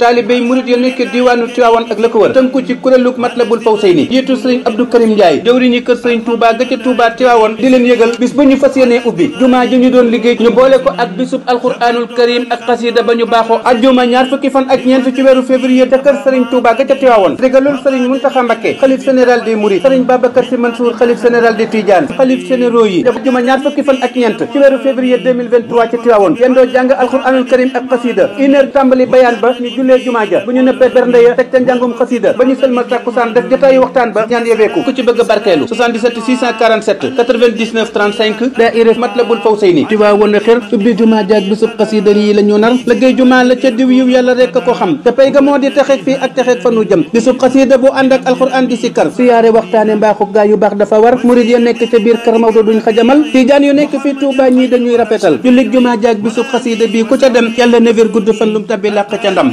taalibéy murit ya nekk diwaanu Tiwaawan ak la ko wër tënku ci kuréelu Matlabul Fawzayni jiitu sëriñ Abdou Karim Ndiaye jëwriñ ñi kër sëriñ Touba ga ca Touba di leen yëgal bis ba ñu fas yéenee ubbi jumaa ji ñu doon liggéey ñu boole ko ak bisub alquraanul karim ak xasida ba ñu baaxoo ajjuma ñaar fukki fan ak ñeent ci weeru février ca kër sëriñ Touba ga ca Tiwaawan régalul sëriñ Muntaxa Mbakke xalif général des Mourides sëriñ Babacar Sy Mansour jullee jumaa ja bu ñu neppee bernde ya teg ca njàngum xasida ba ñu sëlmal takkusaan def jotaayu waxtaan ba ñaan yebeeku ku ci bëgg barkeelu 77 647 99 35 daayira Matlabul Fawsayni ti waa woon a ubbi jumaa ja ak bisub xasida yi la nar liggéey jumaa la ca diw yàlla rekk ko xam te pay moo di texeeg fii ak texeeg fa jëm bisub xasida bu ànd ak alxuraan di sikkar siyaare waxtaane mbaaxu gaa yu baax dafa war murid ya nekk ca biir kër Maodo duñ xajamal